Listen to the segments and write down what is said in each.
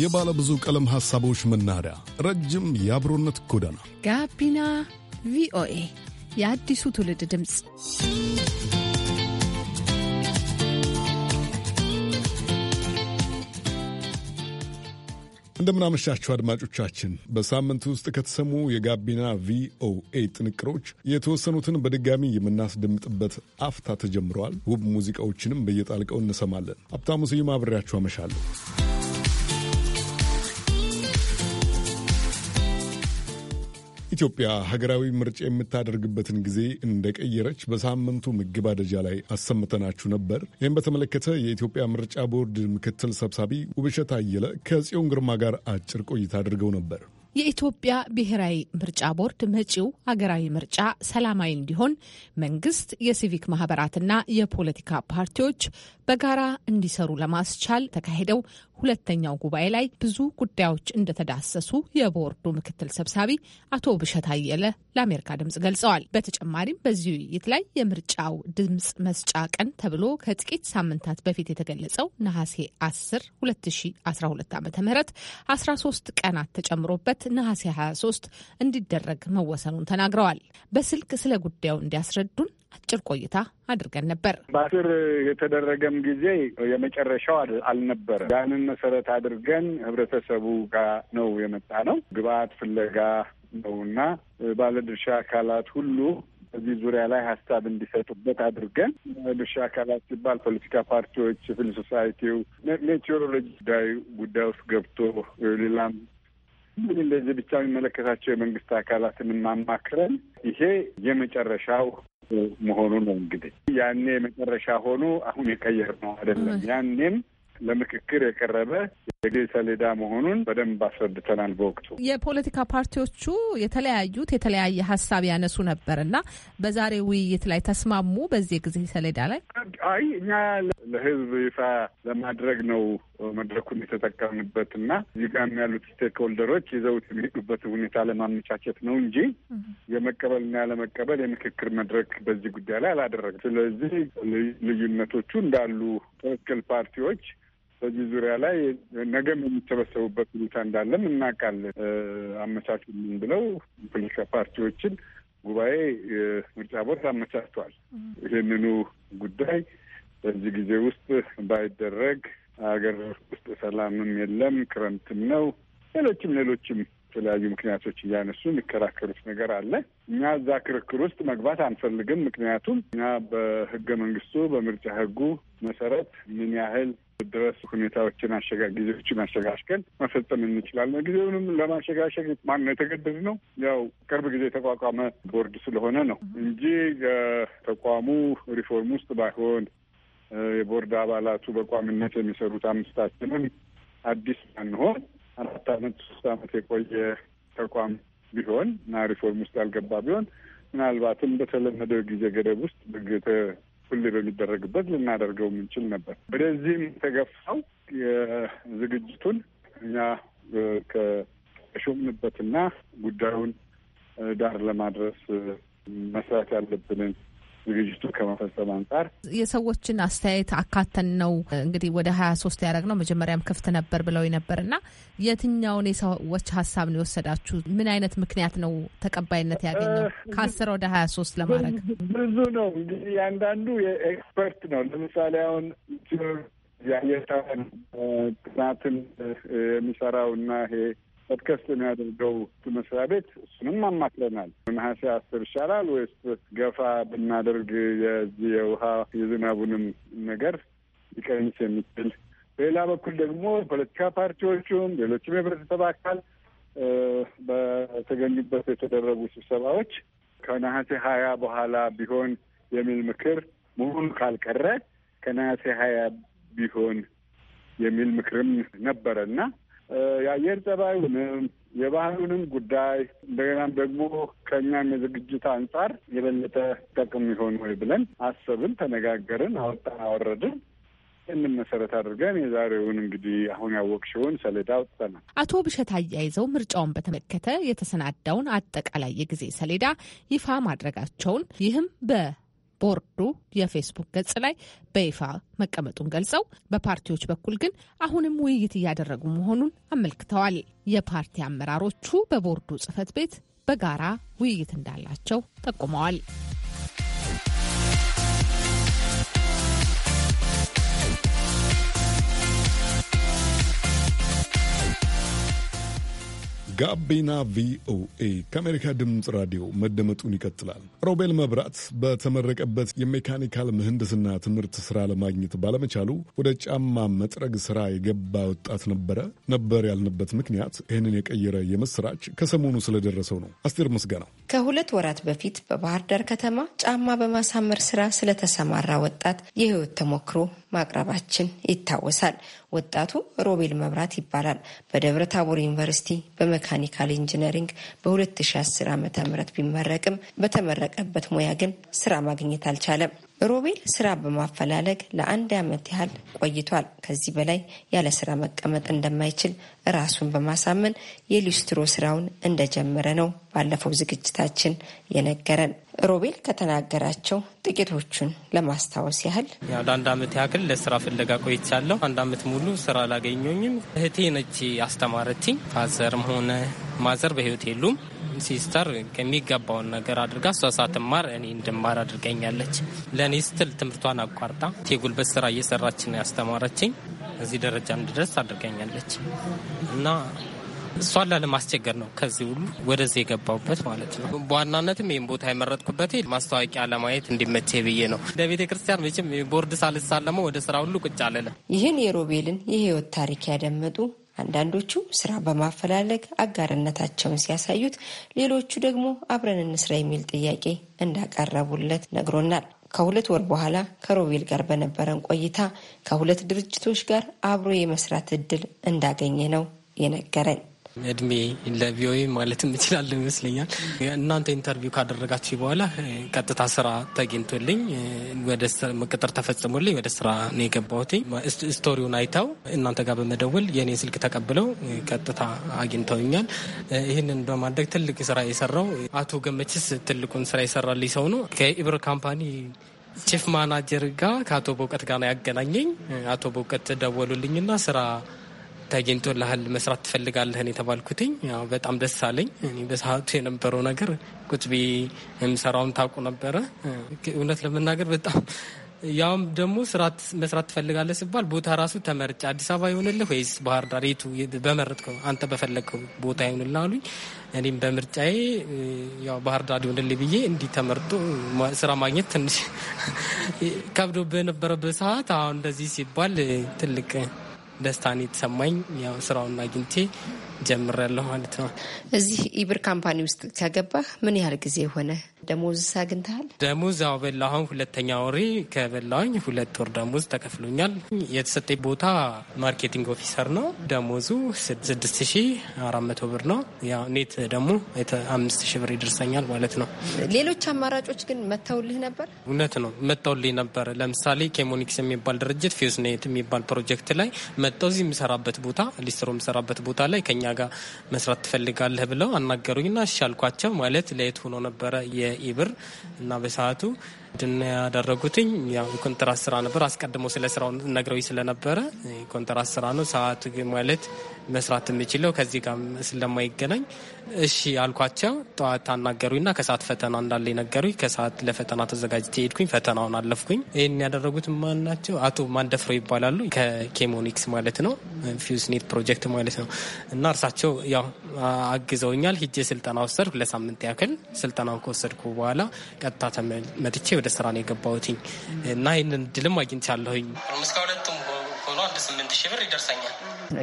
የባለ ብዙ ቀለም ሐሳቦች መናኸሪያ፣ ረጅም የአብሮነት ጎዳና ጋቢና ቪኦኤ የአዲሱ ትውልድ ድምፅ። እንደምናመሻችሁ አድማጮቻችን፣ በሳምንት ውስጥ ከተሰሙ የጋቢና ቪኦኤ ጥንቅሮች የተወሰኑትን በድጋሚ የምናስደምጥበት አፍታ ተጀምረዋል። ውብ ሙዚቃዎችንም በየጣልቀው እንሰማለን። ሀብታሙ ስዩም አብሬያችሁ አመሻለሁ። ኢትዮጵያ ሀገራዊ ምርጫ የምታደርግበትን ጊዜ እንደቀየረች በሳምንቱ መገባደጃ ላይ አሰምተናችሁ ነበር። ይህም በተመለከተ የኢትዮጵያ ምርጫ ቦርድ ምክትል ሰብሳቢ ውብሸት አየለ ከጽዮን ግርማ ጋር አጭር ቆይታ አድርገው ነበር። የኢትዮጵያ ብሔራዊ ምርጫ ቦርድ መጪው ሀገራዊ ምርጫ ሰላማዊ እንዲሆን መንግስት፣ የሲቪክ ማህበራትና የፖለቲካ ፓርቲዎች በጋራ እንዲሰሩ ለማስቻል ተካሄደው ሁለተኛው ጉባኤ ላይ ብዙ ጉዳዮች እንደተዳሰሱ የቦርዱ ምክትል ሰብሳቢ አቶ ብሸት አየለ ለአሜሪካ ድምጽ ገልጸዋል። በተጨማሪም በዚህ ውይይት ላይ የምርጫው ድምጽ መስጫ ቀን ተብሎ ከጥቂት ሳምንታት በፊት የተገለጸው ነሐሴ 10 2012 ዓ ም 13 ቀናት ተጨምሮበት ነሐሴ 23 እንዲደረግ መወሰኑን ተናግረዋል። በስልክ ስለ ጉዳዩ እንዲያስረዱን አጭር ቆይታ አድርገን ነበር። በአስር የተደረገም ጊዜ የመጨረሻው አልነበረ። ያንን መሰረት አድርገን ህብረተሰቡ ጋር ነው የመጣ ነው። ግብአት ፍለጋ ነው እና ባለድርሻ አካላት ሁሉ በዚህ ዙሪያ ላይ ሀሳብ እንዲሰጡበት አድርገን ድርሻ አካላት ሲባል ፖለቲካ ፓርቲዎች፣ ሲቪል ሶሳይቲው፣ ሜቴዎሮሎጂ ጉዳይ ውስጥ ገብቶ ሌላም ምን እንደዚህ ብቻ የሚመለከታቸው የመንግስት አካላትን ማማክረን ይሄ የመጨረሻው መሆኑ ነው። እንግዲህ ያኔ የመጨረሻ ሆኖ አሁን የቀየርነው አይደለም። ያኔም ለምክክር የቀረበ የጊዜ ሰሌዳ መሆኑን በደንብ አስረድተናል። በወቅቱ የፖለቲካ ፓርቲዎቹ የተለያዩት የተለያየ ሀሳብ ያነሱ ነበር እና በዛሬ ውይይት ላይ ተስማሙ። በዚህ ጊዜ ሰሌዳ ላይ አይ እኛ ለህዝብ ይፋ ለማድረግ ነው መድረኩን የተጠቀምንበት እና እዚህ ያሉት ስቴክሆልደሮች ይዘውት የሚሄዱበት ሁኔታ ለማመቻቸት ነው እንጂ የመቀበልና ያለመቀበል የምክክር መድረክ በዚህ ጉዳይ ላይ አላደረግም። ስለዚህ ልዩነቶቹ እንዳሉ ትክክል ፓርቲዎች በዚህ ዙሪያ ላይ ነገም የሚሰበሰቡበት ሁኔታ እንዳለም እናውቃለን። አመቻቹልን ብለው ፖለቲካ ፓርቲዎችን ጉባኤ ምርጫ ቦርድ አመቻችቷል። ይህንኑ ጉዳይ በዚህ ጊዜ ውስጥ ባይደረግ ሀገር ውስጥ ሰላምም የለም፣ ክረምትም ነው፣ ሌሎችም ሌሎችም የተለያዩ ምክንያቶች እያነሱ የሚከራከሩት ነገር አለ። እኛ እዛ ክርክር ውስጥ መግባት አንፈልግም። ምክንያቱም እኛ በህገ መንግስቱ በምርጫ ህጉ መሰረት ምን ያህል ድረስ ሁኔታዎችን አሸጋ ጊዜዎችን አሸጋሽገን መፈጸም እንችላለን። ጊዜውንም ለማሸጋሸግ ማን ነው የተገደድ ነው? ያው ቅርብ ጊዜ የተቋቋመ ቦርድ ስለሆነ ነው እንጂ ተቋሙ ሪፎርም ውስጥ ባይሆን የቦርድ አባላቱ በቋሚነት የሚሰሩት አምስታችንም አዲስ ባንሆን አራት አመት ሶስት አመት የቆየ ተቋም ቢሆን እና ሪፎርም ውስጥ ያልገባ ቢሆን ምናልባትም በተለመደው ጊዜ ገደብ ውስጥ ሁሌ በሚደረግበት ልናደርገው የምንችል ነበር። ወደዚህም የተገፋው የዝግጅቱን እኛ ከሾምንበትና ጉዳዩን ዳር ለማድረስ መስራት ያለብንን ዝግጅቱ ከመፈጸም አንጻር የሰዎችን አስተያየት አካተን ነው እንግዲህ ወደ ሀያ ሶስት ያደረግ ነው። መጀመሪያም ክፍት ነበር ብለው ነበር እና የትኛውን የሰዎች ሀሳብ ነው የወሰዳችሁ? ምን አይነት ምክንያት ነው ተቀባይነት ያገኘው? ከአስር ወደ ሀያ ሶስት ለማድረግ ብዙ ነው እንግዲህ እያንዳንዱ የኤክስፐርት ነው። ለምሳሌ አሁን የአየር ጥናትን የሚሰራው እና ይሄ ፖድካስት የሚያደርገው መስሪያ ቤት እሱንም አማክለናል። ነሐሴ አስር ይሻላል ወይስ ገፋ ብናደርግ የዚህ የውሃ የዝናቡንም ነገር ሊቀንስ የሚችል በሌላ በኩል ደግሞ ፖለቲካ ፓርቲዎቹም ሌሎችም የህብረተሰብ አካል በተገኙበት የተደረጉ ስብሰባዎች ከነሐሴ ሀያ በኋላ ቢሆን የሚል ምክር መሆኑ ካልቀረ ከነሐሴ ሀያ ቢሆን የሚል ምክርም ነበረ እና የአየር ጸባዩንም የባህሉንም ጉዳይ እንደገናም ደግሞ ከእኛም የዝግጅት አንጻር የበለጠ ጠቅም ይሆን ወይ ብለን አሰብን፣ ተነጋገርን፣ አወጣን፣ አወረድን። ይህንን መሰረት አድርገን የዛሬውን እንግዲህ አሁን ያወቅሽውን ሰሌዳ አውጥተናል። አቶ ብሸት አያይዘው ምርጫውን በተመለከተ የተሰናዳውን አጠቃላይ የጊዜ ሰሌዳ ይፋ ማድረጋቸውን ይህም በ ቦርዱ የፌስቡክ ገጽ ላይ በይፋ መቀመጡን ገልጸው በፓርቲዎች በኩል ግን አሁንም ውይይት እያደረጉ መሆኑን አመልክተዋል። የፓርቲ አመራሮቹ በቦርዱ ጽህፈት ቤት በጋራ ውይይት እንዳላቸው ጠቁመዋል። ጋቢና ቪኦኤ ከአሜሪካ ድምፅ ራዲዮ መደመጡን ይቀጥላል። ሮቤል መብራት በተመረቀበት የሜካኒካል ምህንድስና ትምህርት ስራ ለማግኘት ባለመቻሉ ወደ ጫማ መጥረግ ስራ የገባ ወጣት ነበረ። ነበር ያልንበት ምክንያት ይህንን የቀየረ የምስራች ከሰሞኑ ስለደረሰው ነው። አስቴር ምስጋናው ከሁለት ወራት በፊት በባህር ዳር ከተማ ጫማ በማሳመር ስራ ስለተሰማራ ወጣት የህይወት ተሞክሮ ማቅረባችን ይታወሳል። ወጣቱ ሮቤል መብራት ይባላል። በደብረ ታቦር ዩኒቨርሲቲ በመካኒካል ኢንጂነሪንግ በ2010 ዓ ም ቢመረቅም በተመረቀበት ሙያ ግን ስራ ማግኘት አልቻለም። ሮቤል ስራ በማፈላለግ ለአንድ ዓመት ያህል ቆይቷል። ከዚህ በላይ ያለ ስራ መቀመጥ እንደማይችል ራሱን በማሳመን የሊስትሮ ስራውን እንደጀመረ ነው ባለፈው ዝግጅታችን የነገረን። ሮቤል ከተናገራቸው ጥቂቶቹን ለማስታወስ ያህል ለአንድ ዓመት ያክል ለስራ ፍለጋ ቆይቻለሁ። አንድ ዓመት ሙሉ ስራ አላገኘኝም። እህቴ ነች አስተማረችኝ። ፋዘርም ሆነ ማዘር በህይወት የሉም። ሲስተር ከሚገባውን ነገር አድርጋ እሷ ሳትማር እኔ እንድማር አድርገኛለች። ለ ለእኔ ስትል ትምህርቷን አቋርጣ የጉልበት ስራ እየሰራችን ያስተማረችኝ እዚህ ደረጃ እንድደርስ አድርገኛለች እና እሷን ላለማስቸገር ነው ከዚህ ሁሉ ወደዚህ የገባሁበት ማለት ነው። በዋናነትም ይህን ቦታ የመረጥኩበት ማስታወቂያ ለማየት እንዲመቼ ብዬ ነው። እንደ ቤተ ክርስቲያን መቼም ቦርድ ሳልሳለመው ወደ ስራ ሁሉ ቁጭ አልልም። ይህን የሮቤልን የህይወት ታሪክ ያደመጡ አንዳንዶቹ ስራ በማፈላለግ አጋርነታቸውን ሲያሳዩት፣ ሌሎቹ ደግሞ አብረን እንስራ የሚል ጥያቄ እንዳቀረቡለት ነግሮናል። ከሁለት ወር በኋላ ከሮቤል ጋር በነበረን ቆይታ ከሁለት ድርጅቶች ጋር አብሮ የመስራት እድል እንዳገኘ ነው የነገረን። እድሜ ለቪኦኤ ማለትም እችላለሁ ይመስለኛል። እናንተ ኢንተርቪው ካደረጋችሁ በኋላ ቀጥታ ስራ ተገኝቶልኝ ወደ ቅጥር ተፈጽሞልኝ ወደ ስራ ነው የገባሁት። ስቶሪውን አይተው እናንተ ጋር በመደወል የእኔ ስልክ ተቀብለው ቀጥታ አግኝተውኛል። ይህንን በማድረግ ትልቅ ስራ የሰራው አቶ ገመችስ ትልቁን ስራ የሰራልኝ ሰው ነው። ከኢብር ካምፓኒ ቺፍ ማናጀር ጋር ከአቶ በውቀት ጋር ነው ያገናኘኝ። አቶ በውቀት ደወሉልኝና ስራ ተገኝቶልሃል መስራት ትፈልጋለህን የተባልኩትኝ በጣም ደስ አለኝ። በሰዓቱ የነበረው ነገር ቁጥቢ ብዬ የምሰራውን ታውቁ ነበረ። እውነት ለመናገር በጣም ያውም ደግሞ መስራት ትፈልጋለህ ሲባል ቦታ ራሱ ተመርጭ አዲስ አበባ ይሆንልህ ወይስ ባህር ዳር የቱ በመረጥከው አንተ በፈለግከው ቦታ ይሆንልህ አሉኝ። እኔም በምርጫዬ ያው ባህር ዳር ይሆንልህ ብዬ እንዲህ ተመርጦ ስራ ማግኘት ትንሽ ከብዶ በነበረበት ሰዓት አሁን እንደዚህ ሲባል ትልቅ ደስታን የተሰማኝ ያው ስራውን አግኝቼ ጀምሬያለሁ ማለት ነው። እዚህ ኢብር ካምፓኒ ውስጥ ከገባህ ምን ያህል ጊዜ ሆነ? ደሞዝ አግኝተሃል? ደሞዝ ያው በላሁን ሁለተኛ ወሪ ከበላኝ ሁለት ወር ደሞዝ ተከፍሎኛል። የተሰጠኝ ቦታ ማርኬቲንግ ኦፊሰር ነው። ደሞዙ ስድስት ሺ አራት መቶ ብር ነው። ያው ኔት ደግሞ አምስት ሺ ብር ይደርሰኛል ማለት ነው። ሌሎች አማራጮች ግን መተውልህ ነበር? እውነት ነው መተውልኝ ነበር። ለምሳሌ ኬሞኒክስ የሚባል ድርጅት ፊውስኔት የሚባል ፕሮጀክት ላይ መጠው እዚህ የምሰራበት ቦታ ሊስትሮ የምሰራበት ቦታ ላይ ከኛ ጋር መስራት ትፈልጋለህ ብለው አናገሩኝና እሺ አልኳቸው። ማለት ለየት ሆኖ ነበረ የ የኢብር እና በሰዓቱ ድና ያደረጉትኝ ኮንትራት ስራ ነበር። አስቀድሞ ስለ ስራው ነግረው ስለነበረ ኮንትራት ስራ ነው ሰዓት ማለት መስራት የምችለው ከዚህ ጋር ስለማይገናኝ እሺ አልኳቸው። ጠዋት አናገሩኝና ከሰዓት ፈተና እንዳለ ነገሩኝ። ከሰዓት ለፈተና ተዘጋጅቼ ሄድኩኝ። ፈተናውን አለፍኩኝ። ይህን ያደረጉት ማን ናቸው? አቶ ማንደፍሮ ይባላሉ። ከኬሞኒክስ ማለት ነው፣ ፊውስኔት ፕሮጀክት ማለት ነው። እና እርሳቸው ያው አግዘውኛል። ሂጄ ስልጠና ወሰድኩ። ለሳምንት ያክል ስልጠናውን ከወሰድኩ በኋላ ቀጥታ ተመጥቼ ወደ ስራ ነው የገባሁትኝ እና ይህንን ድልም አግኝቻለሁኝ። ነው። አንድ ስምንት ሺህ ብር ይደርሰኛል።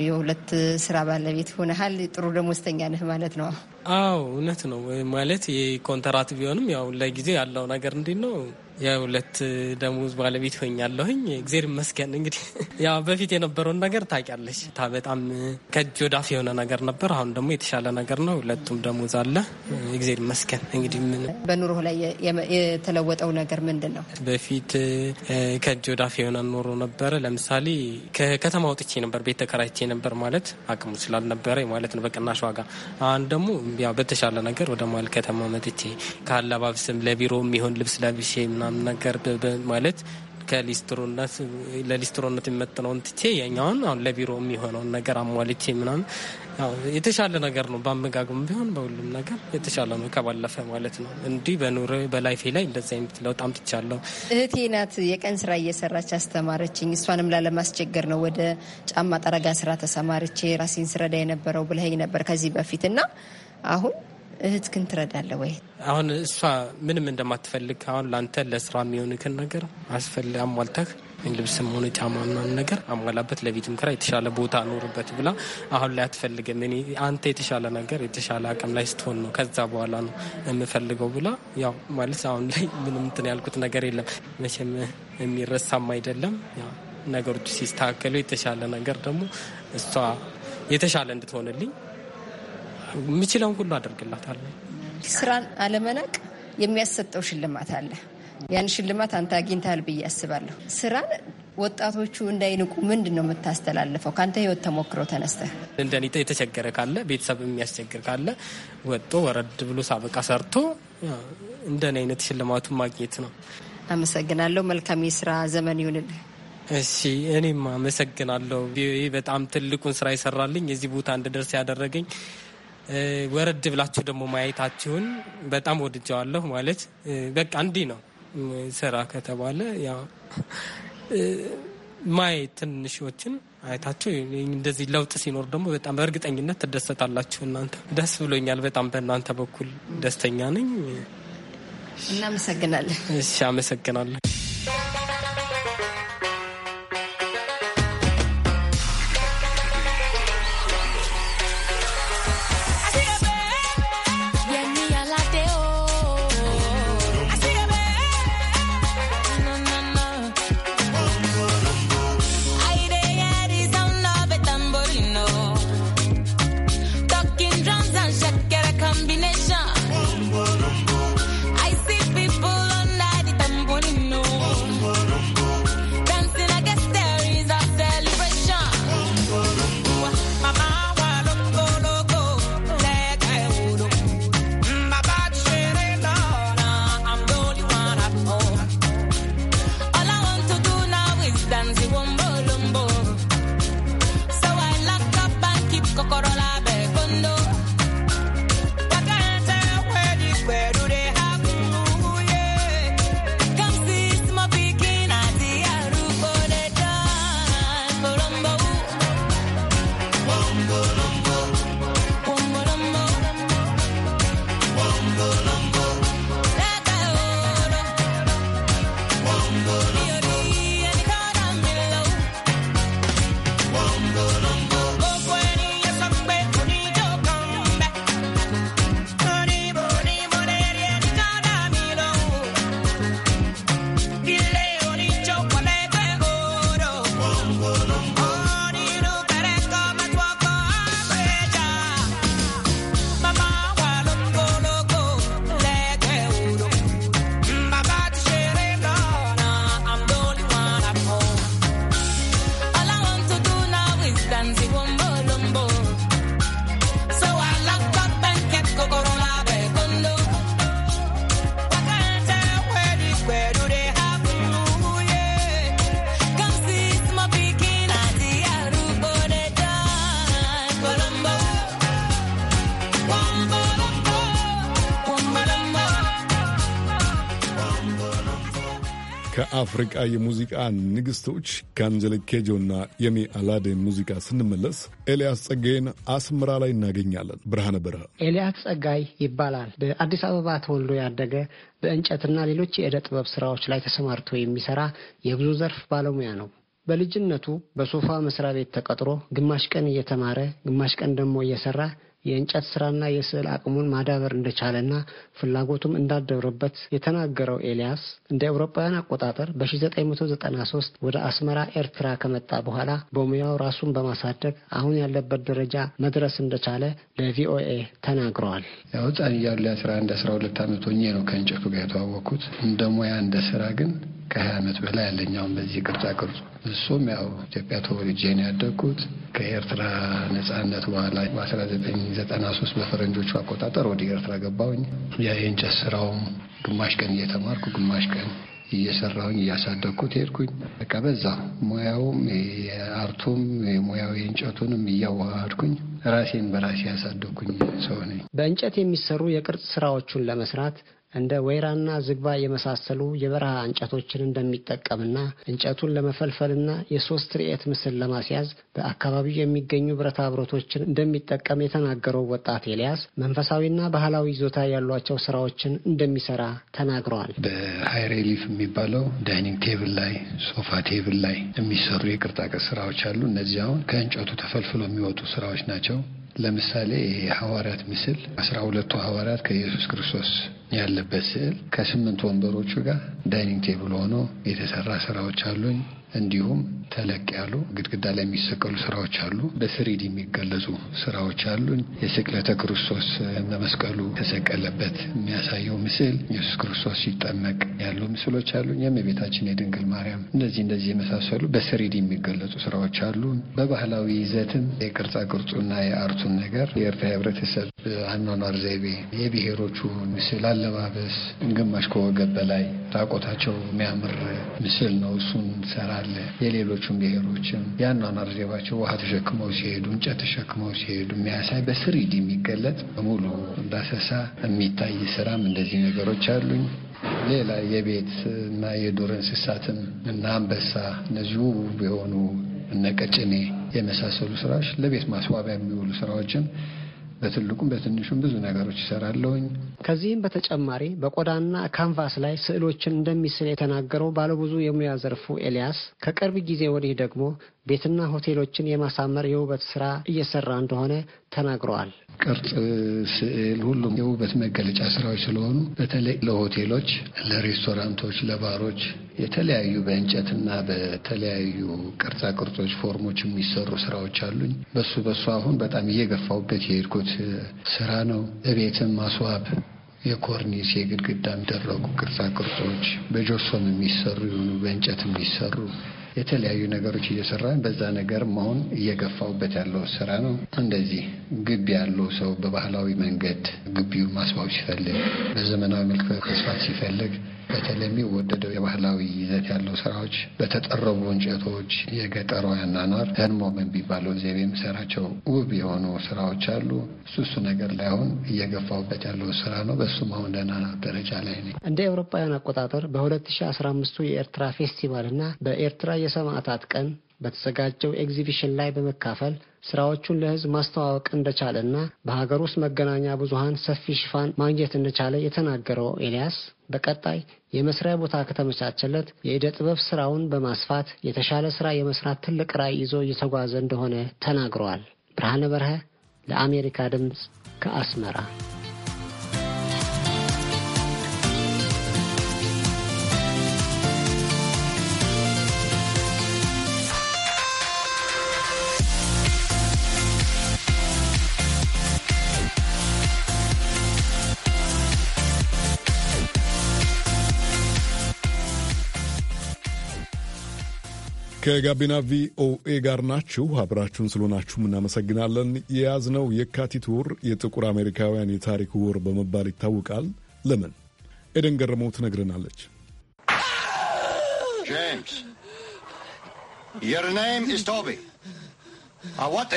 የሁለት ስራ ባለቤት ሆነሃል። ጥሩ ደሞዝተኛ ነህ ማለት ነው። አዎ እውነት ነው። ማለት የኮንትራት ቢሆንም ያው ለጊዜ ያለው ነገር እንዲ ነው ሁለት ደሞዝ ባለቤት ሆኛለሁኝ። እግዜር ይመስገን። እንግዲህ ያ በፊት የነበረውን ነገር ታውቂያለሽ። በጣም ከእጅ ወዳፍ የሆነ ነገር ነበር። አሁን ደግሞ የተሻለ ነገር ነው። ሁለቱም ደሞዝ አለ። እግዜር ይመስገን። እንግዲህ ምን በኑሮ ላይ የተለወጠው ነገር ምንድን ነው? በፊት ከእጅ ወዳፍ የሆነ ኑሮ ነበረ። ለምሳሌ ከከተማ ወጥቼ ነበር፣ ቤት ተከራይቼ ነበር ማለት አቅሙ ስላልነበረ ማለት ነው፣ በቅናሽ ዋጋ። አሁን ደግሞ ያው በተሻለ ነገር ወደ መሀል ከተማ መጥቼ ከአለባብስም ለቢሮ የሚሆን ልብስ ለብሼ ምናምን ምናምን ነገር ማለት ከሊስትሮነት ለሊስትሮነት የሚመጥነውን ትቼ የኛውን አሁን ለቢሮ የሚሆነውን ነገር አሟልቼ ምናምን የተሻለ ነገር ነው። በአመጋገብ ቢሆን በሁሉም ነገር የተሻለ ነው ከባለፈ ማለት ነው። እንዲህ በኑሮ በላይፌ ላይ እንደዚ አይነት ለውጥ አምጥቻለሁ። እህቴ ናት የቀን ስራ እየሰራች አስተማረችኝ። እሷንም ላለማስቸገር ነው ወደ ጫማ ጠረጋ ስራ ተሰማርቼ ራሴን ስረዳ የነበረው ብለኸኝ ነበር ከዚህ በፊት እና አሁን እህት ግን ትረዳለ ወይ? አሁን እሷ ምንም እንደማትፈልግ አሁን ለአንተ ለስራ የሚሆንክን ነገር አስፈል አሟልተህ ልብስም ሆነ ጫማ ምናምን ነገር አሟላበት፣ ለቤትም ኪራይ የተሻለ ቦታ ኖርበት ብላ አሁን ላይ አትፈልግም። እኔ አንተ የተሻለ ነገር የተሻለ አቅም ላይ ስትሆን ነው ከዛ በኋላ ነው የምፈልገው ብላ ያው ማለት አሁን ላይ ምንም እንትን ያልኩት ነገር የለም። መቼም የሚረሳም አይደለም። ነገሮች ሲስተካከሉ የተሻለ ነገር ደግሞ እሷ የተሻለ እንድትሆንልኝ የምችለውን ሁሉ አደርግላታለሁ። ስራን አለመናቅ የሚያሰጠው ሽልማት አለ። ያን ሽልማት አንተ አግኝተሃል ብዬ አስባለሁ። ስራን ወጣቶቹ እንዳይንቁ ምንድን ነው የምታስተላልፈው? ከአንተ ህይወት ተሞክሮ ተነስተ እንደኔ የተቸገረ ካለ ቤተሰብ የሚያስቸግር ካለ ወጦ ወረድ ብሎ ሳበቃ ሰርቶ እንደኔ አይነት ሽልማቱን ማግኘት ነው። አመሰግናለሁ። መልካም የስራ ዘመን ይሁንልህ። እሺ፣ እኔም አመሰግናለሁ። በጣም ትልቁን ስራ ይሰራልኝ፣ የዚህ ቦታ እንድደርስ ያደረገኝ ወረድ ብላችሁ ደግሞ ማየታችሁን በጣም ወድጀዋለሁ። ማለት በቃ እንዲህ ነው ስራ ከተባለ ማየት ትንሾችን አይታቸው እንደዚህ ለውጥ ሲኖር ደግሞ በጣም በእርግጠኝነት ትደሰታላችሁ። እናንተ ደስ ብሎኛል። በጣም በእናንተ በኩል ደስተኛ ነኝ። እናመሰግናለን። እሺ፣ አመሰግናለሁ። የአፍሪቃ የሙዚቃ ንግሥቶች ከአንጀለ ኬጆና የሚ አላዴ ሙዚቃ ስንመለስ ኤልያስ ጸጋዬን አስመራ ላይ እናገኛለን። ብርሃነ በረሃ ኤልያስ ጸጋይ ይባላል። በአዲስ አበባ ተወልዶ ያደገ በእንጨትና ሌሎች የዕደ ጥበብ ስራዎች ላይ ተሰማርቶ የሚሰራ የብዙ ዘርፍ ባለሙያ ነው። በልጅነቱ በሶፋ መስሪያ ቤት ተቀጥሮ ግማሽ ቀን እየተማረ ግማሽ ቀን ደግሞ እየሰራ የእንጨት ስራና የስዕል አቅሙን ማዳበር እንደቻለና ፍላጎቱም እንዳደረበት የተናገረው ኤልያስ እንደ አውሮፓውያን አቆጣጠር በ1993 ወደ አስመራ ኤርትራ ከመጣ በኋላ በሙያው ራሱን በማሳደግ አሁን ያለበት ደረጃ መድረስ እንደቻለ ለቪኦኤ ተናግረዋል። ያው ሕፃን እያሉ ለ11 12 ዓመት ሆኜ ነው ከእንጨቱ ጋር የተዋወቅኩት። እንደ ሙያ እንደ ስራ ግን ከሀያ ዓመት በላይ ያለኛውን በዚህ ቅርጻ ቅርጹ እሱም ያው ኢትዮጵያ ተወልጄ ያደግኩት። ከኤርትራ ነጻነት በኋላ በ1993 በፈረንጆቹ አቆጣጠር ወደ ኤርትራ ገባሁኝ። የእንጨት ስራውም ግማሽ ቀን እየተማርኩ ግማሽ ቀን እየሰራሁኝ እያሳደግኩት ሄድኩኝ። በቃ በዛ ሙያውም የአርቱም የሙያው የእንጨቱንም እያዋሃድኩኝ ራሴን በራሴ ያሳደግኩኝ ሰው ነኝ። በእንጨት የሚሰሩ የቅርጽ ስራዎቹን ለመስራት እንደ ወይራና ዝግባ የመሳሰሉ የበረሃ እንጨቶችን እንደሚጠቀምና እንጨቱን ለመፈልፈልና የሶስት ርኤት ምስል ለማስያዝ በአካባቢው የሚገኙ ብረታ ብረቶችን እንደሚጠቀም የተናገረው ወጣት ኤልያስ መንፈሳዊና ባህላዊ ይዞታ ያሏቸው ስራዎችን እንደሚሰራ ተናግረዋል። በሃይ ሬሊፍ የሚባለው ዳይኒንግ ቴብል ላይ፣ ሶፋ ቴብል ላይ የሚሰሩ የቅርጻቅርጽ ስራዎች አሉ። እነዚህ አሁን ከእንጨቱ ተፈልፍለው የሚወጡ ስራዎች ናቸው። ለምሳሌ ይሄ ሐዋርያት ምስል አስራ ሁለቱ ሐዋርያት ከኢየሱስ ክርስቶስ ያለበት ስዕል ከስምንት ወንበሮቹ ጋር ዳይኒንግ ቴብል ሆኖ የተሰራ ስራዎች አሉኝ። እንዲሁም ተለቅ ያሉ ግድግዳ ላይ የሚሰቀሉ ስራዎች አሉ። በስሪድ የሚገለጹ ስራዎች አሉ። የስቅለተ ክርስቶስ መስቀሉ ተሰቀለበት የሚያሳየው ምስል፣ ኢየሱስ ክርስቶስ ሲጠመቅ ያሉ ምስሎች አሉ። የእመቤታችን የድንግል ማርያም እነዚህ እንደዚህ የመሳሰሉ በስሪድ የሚገለጹ ስራዎች አሉ። በባህላዊ ይዘትም የቅርጻ ቅርጹና የአርቱን ነገር የኤርትራ ህብረተሰብ አኗኗር ዘይቤ፣ የብሔሮቹ ምስል፣ አለባበስ፣ ግማሽ ከወገብ በላይ ራቆታቸው የሚያምር ምስል ነው። እሱን ሰራለ። የሌሎቹን ብሔሮችም የአኗኗር ዘይቤያቸው ውሃ ተሸክመው ሲሄዱ፣ እንጨት ተሸክመው ሲሄዱ የሚያሳይ በስሪድ የሚገለጥ በሙሉ እንዳሰሳ የሚታይ ስራም እንደዚህ ነገሮች አሉኝ። ሌላ የቤት እና የዱር እንስሳትም እና አንበሳ እነዚሁ የሆኑ እነቀጭኔ የመሳሰሉ ስራዎች ለቤት ማስዋቢያ የሚውሉ ስራዎችን በትልቁም በትንሹም ብዙ ነገሮች ይሰራለውኝ። ከዚህም በተጨማሪ በቆዳና ካንቫስ ላይ ስዕሎችን እንደሚስል የተናገረው ባለብዙ የሙያ ዘርፉ ኤልያስ ከቅርብ ጊዜ ወዲህ ደግሞ ቤትና ሆቴሎችን የማሳመር የውበት ስራ እየሰራ እንደሆነ ተናግረዋል። ቅርጽ፣ ስዕል፣ ሁሉም የውበት መገለጫ ስራዎች ስለሆኑ በተለይ ለሆቴሎች፣ ለሬስቶራንቶች፣ ለባሮች የተለያዩ በእንጨትና በተለያዩ ቅርጻ ቅርጾች ፎርሞች የሚሰሩ ስራዎች አሉኝ። በሱ በሱ አሁን በጣም እየገፋውበት የሄድኩት ስራ ነው። እቤትን ማስዋብ የኮርኒስ የግድግዳ የሚደረጉ ቅርጻ ቅርጾች በጆሶም የሚሰሩ የሆኑ በእንጨት የሚሰሩ የተለያዩ ነገሮች እየሰራን በዛ ነገር መሆን እየገፋውበት ያለው ስራ ነው። እንደዚህ ግቢ ያለው ሰው በባህላዊ መንገድ ግቢው ማስዋብ ሲፈልግ፣ በዘመናዊ መልክ መስፋት ሲፈልግ በተለይ የሚወደደው የባህላዊ ይዘት ያለው ስራዎች በተጠረቡ እንጨቶች፣ የገጠሩ ያናኗር ህንሞም የሚባለው ዜብ የሚሰራቸው ውብ የሆኑ ስራዎች አሉ። እሱ እሱ ነገር ላይ አሁን እየገፋሁበት ያለው ስራ ነው። በሱም አሁን ደህና ደረጃ ላይ ነኝ። እንደ አውሮፓውያን አቆጣጠር በ2015 የኤርትራ ፌስቲቫል እና በኤርትራ የሰማዕታት ቀን በተዘጋጀው ኤግዚቢሽን ላይ በመካፈል ስራዎቹን ለህዝብ ማስተዋወቅ እንደቻለ እና በሀገር ውስጥ መገናኛ ብዙሀን ሰፊ ሽፋን ማግኘት እንደቻለ የተናገረው ኤልያስ በቀጣይ የመስሪያ ቦታ ከተመቻቸለት የእደ ጥበብ ስራውን በማስፋት የተሻለ ስራ የመስራት ትልቅ ራዕይ ይዞ እየተጓዘ እንደሆነ ተናግረዋል። ብርሃነ በርሀ ለአሜሪካ ድምፅ ከአስመራ ከጋቢና ቪኦኤ ጋር ናችሁ። አብራችሁን ስለሆናችሁም እናመሰግናለን። የያዝነው የካቲት ወር የጥቁር አሜሪካውያን የታሪክ ወር በመባል ይታወቃል። ለምን? ኤደን ገረመው ትነግረናለች። ጄምስ ዮር ኔም ቶቢ አይ ዋንት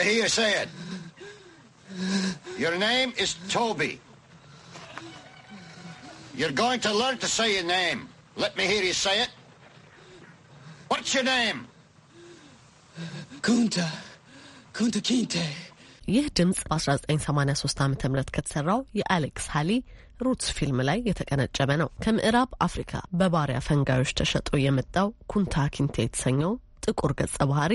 ሚ ሂር ዩ ኩንታ ኩንታ ኪንቴ ይህ ድምፅ በ1983 ዓ ም ከተሰራው የአሌክስ ሃሊ ሩትስ ፊልም ላይ የተቀነጨበ ነው። ከምዕራብ አፍሪካ በባሪያ ፈንጋዮች ተሸጦ የመጣው ኩንታ ኪንቴ የተሰኘው ጥቁር ገጸ ባህሪ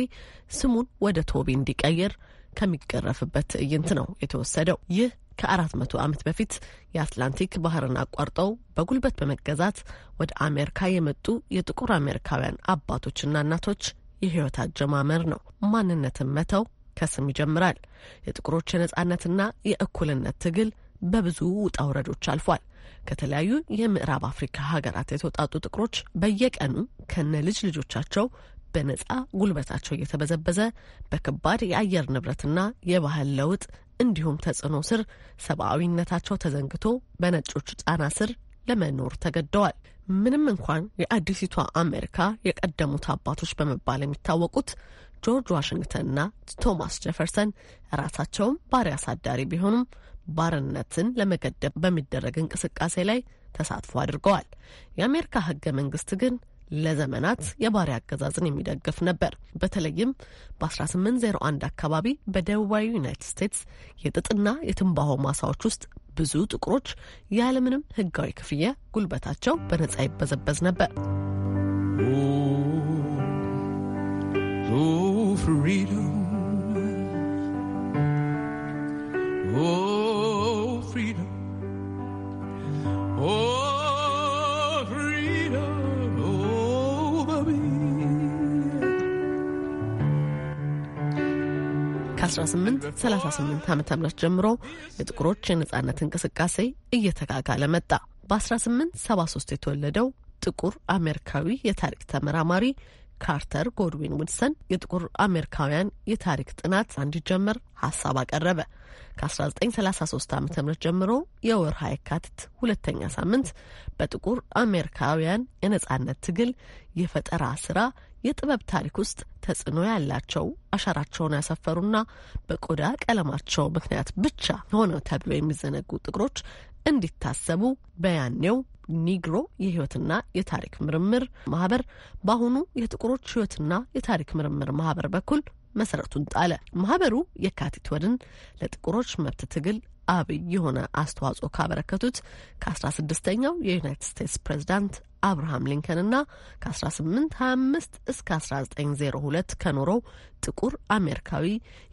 ስሙን ወደ ቶቢ እንዲቀይር ከሚገረፍበት ትዕይንት ነው የተወሰደው። ይህ ከአራት መቶ ዓመት በፊት የአትላንቲክ ባህርን አቋርጠው በጉልበት በመገዛት ወደ አሜሪካ የመጡ የጥቁር አሜሪካውያን አባቶችና እናቶች የህይወት አጀማመር ነው። ማንነትን መተው ከስም ይጀምራል። የጥቁሮች የነጻነትና የእኩልነት ትግል በብዙ ውጣ ውረዶች አልፏል። ከተለያዩ የምዕራብ አፍሪካ ሀገራት የተውጣጡ ጥቁሮች በየቀኑ ከነ ልጅ ልጆቻቸው በነጻ ጉልበታቸው እየተበዘበዘ በከባድ የአየር ንብረትና የባህል ለውጥ እንዲሁም ተጽዕኖ ስር ሰብአዊነታቸው ተዘንግቶ በነጮች ጫና ስር ለመኖር ተገደዋል። ምንም እንኳን የአዲሲቷ አሜሪካ የቀደሙት አባቶች በመባል የሚታወቁት ጆርጅ ዋሽንግተንና ቶማስ ጄፈርሰን ራሳቸውም ባሪያ አሳዳሪ ቢሆኑም ባርነትን ለመገደብ በሚደረግ እንቅስቃሴ ላይ ተሳትፎ አድርገዋል። የአሜሪካ ህገ መንግስት ግን ለዘመናት የባሪያ አገዛዝን የሚደግፍ ነበር። በተለይም በ1801 አካባቢ በደቡባዊ ዩናይትድ ስቴትስ የጥጥና የትንባሆ ማሳዎች ውስጥ ብዙ ጥቁሮች ያለምንም ህጋዊ ክፍያ ጉልበታቸው በነጻ ይበዘበዝ ነበር። Oh, freedom. ከ1838 ዓ ም ጀምሮ የጥቁሮች የነጻነት እንቅስቃሴ እየተጋጋለ መጣ። በ1873 የተወለደው ጥቁር አሜሪካዊ የታሪክ ተመራማሪ ካርተር ጎድዊን ውድሰን የጥቁር አሜሪካውያን የታሪክ ጥናት እንዲጀመር ሀሳብ አቀረበ። ከ1933 ዓ ም ጀምሮ የወርሃ የካቲት ሁለተኛ ሳምንት በጥቁር አሜሪካውያን የነጻነት ትግል፣ የፈጠራ ስራ፣ የጥበብ ታሪክ ውስጥ ተጽዕኖ ያላቸው አሻራቸውን ያሰፈሩና በቆዳ ቀለማቸው ምክንያት ብቻ ሆነው ተብለው የሚዘነጉ ጥቁሮች እንዲታሰቡ በያኔው ኒግሮ የህይወትና የታሪክ ምርምር ማህበር በአሁኑ የጥቁሮች ህይወትና የታሪክ ምርምር ማህበር በኩል መሰረቱን ጣለ። ማህበሩ የካቲት ወድን ለጥቁሮች መብት ትግል አብይ የሆነ አስተዋጽኦ ካበረከቱት ከአስራ ስድስተኛው የዩናይትድ ስቴትስ ፕሬዚዳንት አብርሃም ሊንከንና ከ1825 እስከ 1902 ከኖረው ጥቁር አሜሪካዊ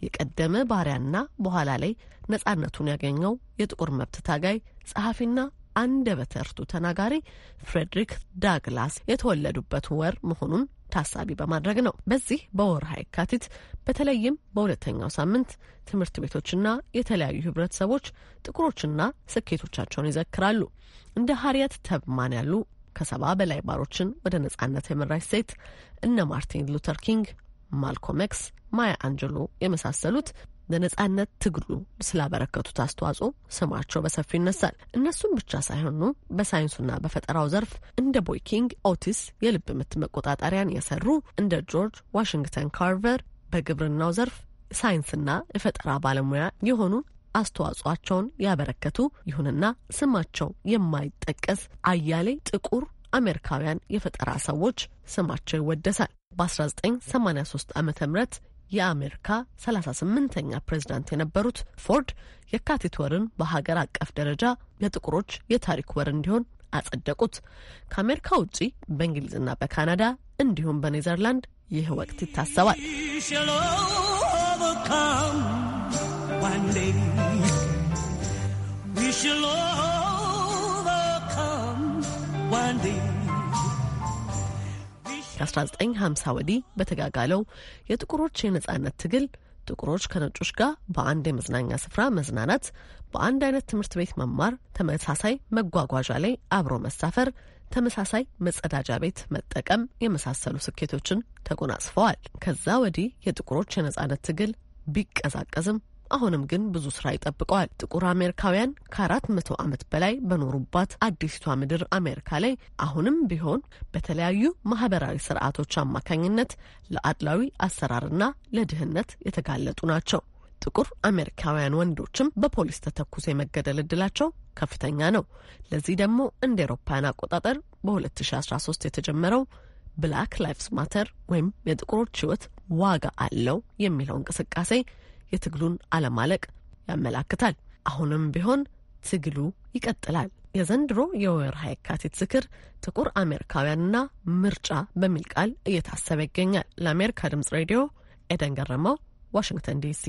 የቀደመ ባሪያና በኋላ ላይ ነጻነቱን ያገኘው የጥቁር መብት ታጋይ ጸሐፊና አንደበተ ርቱዕ ተናጋሪ ፍሬድሪክ ዳግላስ የተወለዱበት ወር መሆኑን ታሳቢ በማድረግ ነው። በዚህ በወርሃ የካቲት በተለይም በሁለተኛው ሳምንት ትምህርት ቤቶችና የተለያዩ ህብረተሰቦች ጥቁሮችና ስኬቶቻቸውን ይዘክራሉ። እንደ ሀሪያት ተብማን ያሉ ከሰባ በላይ ባሮችን ወደ ነጻነት የመራች ሴት እነ ማርቲን ሉተር ኪንግ፣ ማልኮም ኤክስ፣ ማያ አንጀሎ የመሳሰሉት ለነጻነት ትግሉ ስላበረከቱት አስተዋጽኦ ስማቸው በሰፊው ይነሳል። እነሱም ብቻ ሳይሆኑ በሳይንሱና በፈጠራው ዘርፍ እንደ ቦይ ኪንግ ኦቲስ የልብ ምት መቆጣጠሪያን የሰሩ እንደ ጆርጅ ዋሽንግተን ካርቨር በግብርናው ዘርፍ ሳይንስና የፈጠራ ባለሙያ የሆኑ አስተዋጽኦቸውን ያበረከቱ ይሁንና ስማቸው የማይጠቀስ አያሌ ጥቁር አሜሪካውያን የፈጠራ ሰዎች ስማቸው ይወደሳል። በ1983 ዓ ም የአሜሪካ 38ኛ ፕሬዝዳንት የነበሩት ፎርድ የካቲት ወርን በሀገር አቀፍ ደረጃ ለጥቁሮች የታሪክ ወር እንዲሆን አጸደቁት። ከአሜሪካ ውጪ በእንግሊዝና በካናዳ እንዲሁም በኔዘርላንድ ይህ ወቅት ይታሰባል። someday we shall overcome one day. ከ1950 ወዲህ በተጋጋለው የጥቁሮች የነጻነት ትግል ጥቁሮች ከነጮች ጋር በአንድ የመዝናኛ ስፍራ መዝናናት፣ በአንድ አይነት ትምህርት ቤት መማር፣ ተመሳሳይ መጓጓዣ ላይ አብሮ መሳፈር፣ ተመሳሳይ መጸዳጃ ቤት መጠቀም የመሳሰሉ ስኬቶችን ተጎናጽፈዋል። ከዛ ወዲህ የጥቁሮች የነጻነት ትግል ቢቀዛቀዝም አሁንም ግን ብዙ ስራ ይጠብቀዋል። ጥቁር አሜሪካውያን ከአራት መቶ ዓመት በላይ በኖሩባት አዲስቷ ምድር አሜሪካ ላይ አሁንም ቢሆን በተለያዩ ማህበራዊ ስርዓቶች አማካኝነት ለአድላዊ አሰራርና ለድህነት የተጋለጡ ናቸው። ጥቁር አሜሪካውያን ወንዶችም በፖሊስ ተተኩሶ የመገደል እድላቸው ከፍተኛ ነው። ለዚህ ደግሞ እንደ ኤሮፓያን አቆጣጠር በ2013 የተጀመረው ብላክ ላይፍስ ማተር ወይም የጥቁሮች ህይወት ዋጋ አለው የሚለው እንቅስቃሴ የትግሉን አለማለቅ ያመላክታል። አሁንም ቢሆን ትግሉ ይቀጥላል። የዘንድሮ የወርሃ የካቲት ዝክር ጥቁር አሜሪካውያንና ምርጫ በሚል ቃል እየታሰበ ይገኛል። ለአሜሪካ ድምጽ ሬዲዮ ኤደን ገረመው፣ ዋሽንግተን ዲሲ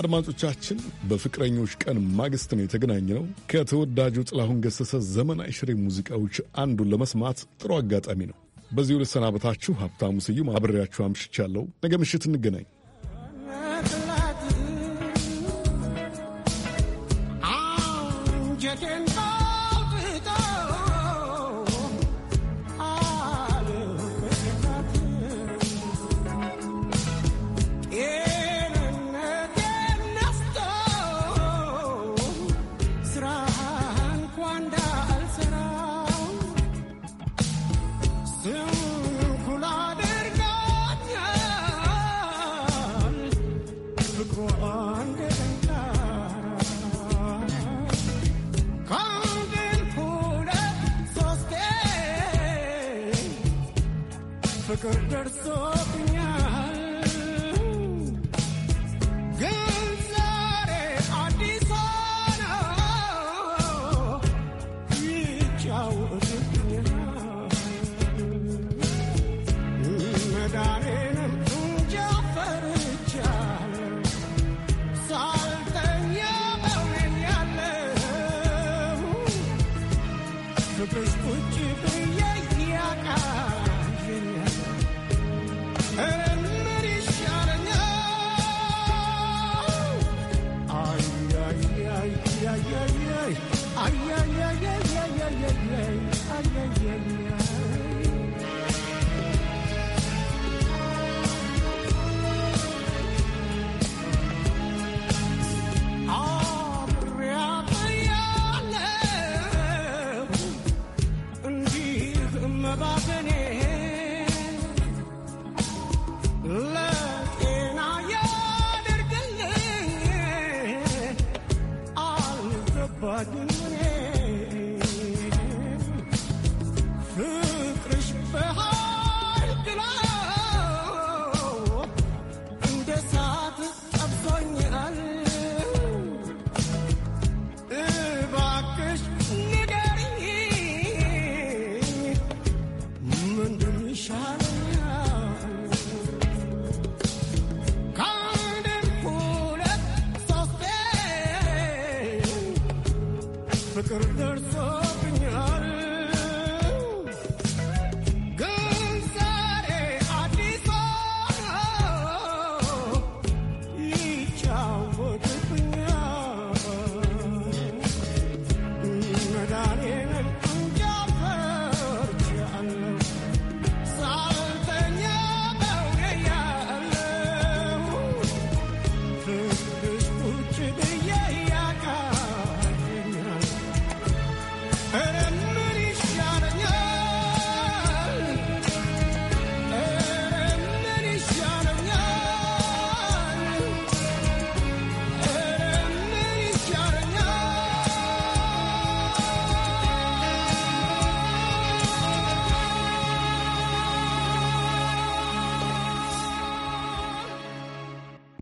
አድማጮቻችን በፍቅረኞች ቀን ማግስት ነው ነው። ከተወዳጁ ጥላሁን ገሰሰ ዘመናዊ ሽሬ ሙዚቃዎች አንዱን ለመስማት ጥሩ አጋጣሚ ነው። በዚሁ ልሰናበታችሁ። ሀብታሙ ስዩም አብሬያችሁ አምሽቻለሁ። ነገ ምሽት እንገናኝ። forgot her so